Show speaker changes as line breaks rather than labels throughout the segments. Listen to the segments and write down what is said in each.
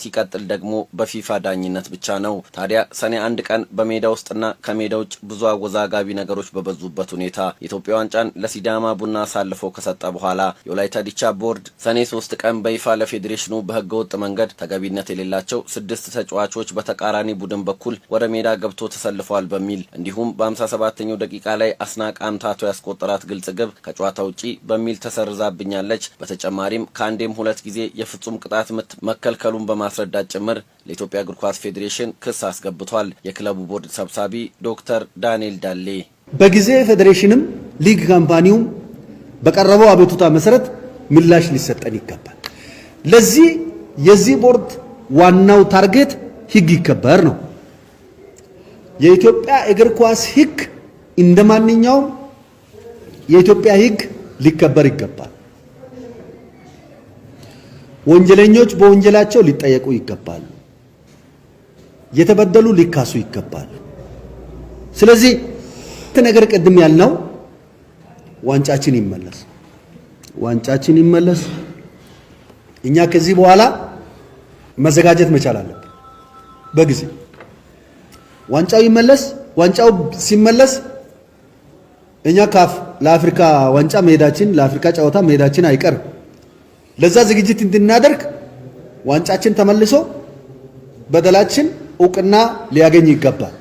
ሲቀጥል ደግሞ በፊፋ ዳኝነት ብቻ ነው። ታዲያ ሰኔ አንድ ቀን በሜዳ ውስጥና ከሜዳ ውጭ ብዙ አወዛጋቢ ነገሮች በበዙበት ሁኔታ የኢትዮጵያ ዋንጫን ለሲዳማ ቡና አሳልፎ ከሰጠ በኋላ የወላይታ ዲቻ ቦርድ ሰኔ ሶስት ቀን በይፋ ለፌዴሬሽኑ በህገወጥ መንገድ ተገቢነት የሌላቸው ስድስት ተጫዋቾች በተቃራኒ ቡድን በኩል ወደ ሜዳ ገብቶ ተሰልፈዋል በሚል እንዲሁም በሀምሳ ሰባተኛው ደቂቃ ላይ አስናቀ አምታቶ ያስቆጠራት ግልጽ ግብ ከጨዋታ ውጪ በሚል ተሰርዛብኛለች። በተጨማሪም ከአንዴም ሁለት ጊዜ የፍጹም ቅጣት ምት መከልከሉን በማ በማስረዳት ጭምር ለኢትዮጵያ እግር ኳስ ፌዴሬሽን ክስ አስገብቷል። የክለቡ ቦርድ ሰብሳቢ ዶክተር ዳንኤል ዳሌ በጊዜ ፌዴሬሽንም ሊግ ካምፓኒውም በቀረበው አቤቱታ መሰረት ምላሽ ሊሰጠን ይገባል። ለዚህ የዚህ ቦርድ ዋናው ታርጌት ህግ ይከበር ነው። የኢትዮጵያ እግር ኳስ ህግ እንደ ማንኛውም የኢትዮጵያ ህግ ሊከበር ይገባል። ወንጀለኞች በወንጀላቸው ሊጠየቁ ይገባሉ። የተበደሉ ሊካሱ ይገባሉ። ስለዚህ ነገር ቅድም ያልነው ዋንጫችን ይመለስ፣ ዋንጫችን ይመለስ። እኛ ከዚህ በኋላ መዘጋጀት መቻል አለብን። በጊዜ ዋንጫው ይመለስ። ዋንጫው ሲመለስ እኛ ካፍ ለአፍሪካ ዋንጫ መሄዳችን ለአፍሪካ ጨዋታ መሄዳችን አይቀርም። ለዛ ዝግጅት እንድናደርግ ዋንጫችን ተመልሶ በደላችን እውቅና ሊያገኝ ይገባል።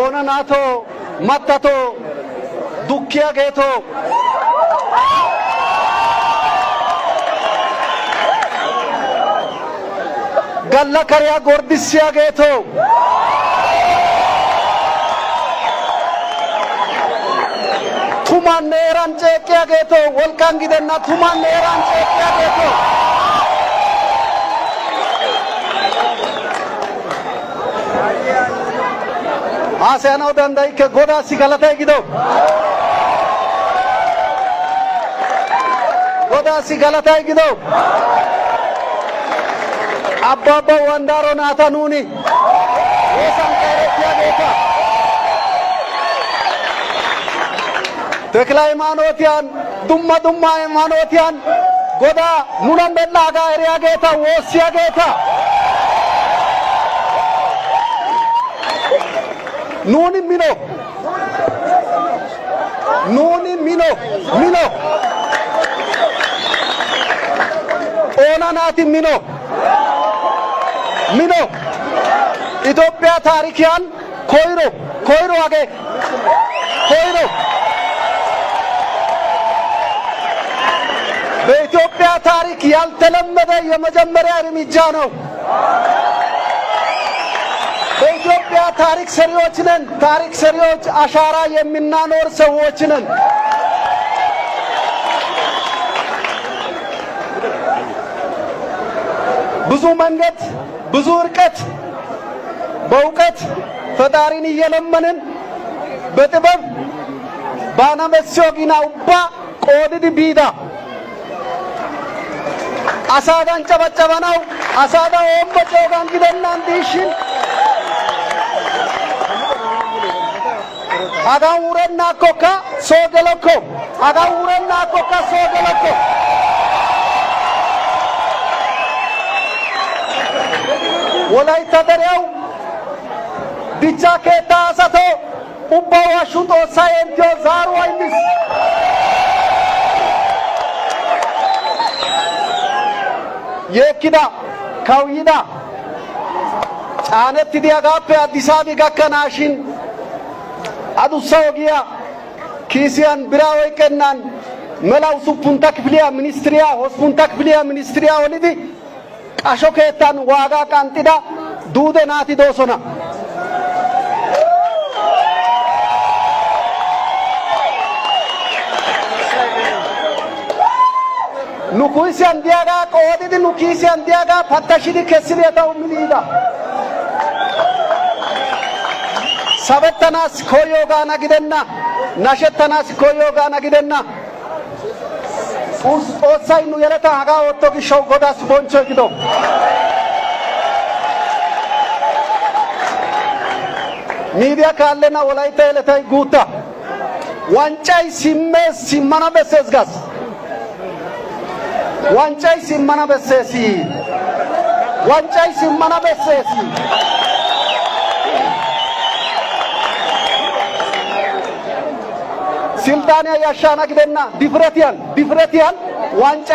ኦነናቶ ማታቶ ዱኪያ ጌቶ കള്ളക്കരയാ ഗോർദിസ്യാകേതോ തുമാൻ നേരാൻ ചേക്കിയാകേതോ ഓൽക്കാങ്കിതെന്ന തുമാൻ നേരാൻ ചേക്കിയാകേതോ ആ സേനോദന്തയ്ക്ക് ഗോദാസി കലത്തേക്കിതോ ഗോദാസി കലത്തേക്കിതോ አባባ ዋንዳሮ ናተኑኒ የሳንቀረቲያ ጌታ ተክለ ሃይማኖትያን ዱማ ዱማ ሃይማኖቲያን ጎዳ ኑለን በላ ጋ ጌታ ወሲያ ጌታ ኑኒ ሚኖ ኑኒ ሚኖ ሚኖ ሚኖ ሚኖ ኢትዮጵያ ታሪክያን ኮይሮ ኮይሮ አገ ኮይሮ በኢትዮጵያ ታሪክ ያልተለመደ የመጀመሪያ እርምጃ ነው። በኢትዮጵያ ታሪክ ሰሪዎች ነን። ታሪክ ሰሪዎች አሻራ የሚናኖር ሰዎች ነን። ብዙ መንገድ ብዙ እርቀት በእውቀት ፈጣሪን እየለመንን በጥበብ ባናመስዮ ጊና ውባ ቆድድ ቢዳ አሳዳን ጨበጨበናው አሳዳ ሆን በጮጋን ግደና እንዲሽን አጋውረና ኮካ ሶገለኮ አጋውረና ኮካ ሶገለኮ ወላይታ ደሪያው ቢጫ ኬታ አሳቶ ኡባው አሹጦ ሳይንቲዮ ዛሩ አይንስ የኪና ካውይና ጫነት ዲያጋፔ አዲስ አበባ ጋከናሽን አዱሳ ወጊያ ኪሲያን ብራ ወይቀናን መላው ሱፑንታ ክፍሊያ ሚኒስትሪያ ሆስፑንታ ክፍሊያ ሚኒስትሪያ ወሊዲ asho keettaan waagaa qanxida duude naati doosona nu kuisiyan diyagaa qoodidi nu kiisiyan diyagaa pattashidi kessidi eta ummiliida sabettanaassi koyyogaana gidenna nashettanaassi koyyogaana gidenna 우사인우연했던 아가 어떻게 쇼고다 스폰처 기도 ሚዲያ ካለና ወላይታ የለታይ ጉታ ዋንጫይ ሲመስ ሲመና በሰስ ጋስ ዋንጫይ ሲመና በሰሲ ዋንጫይ ሲመና በሰሲ ስልጣን ያሻናግደና ድፍረት ያል ድፍረት ያል ዋንጫ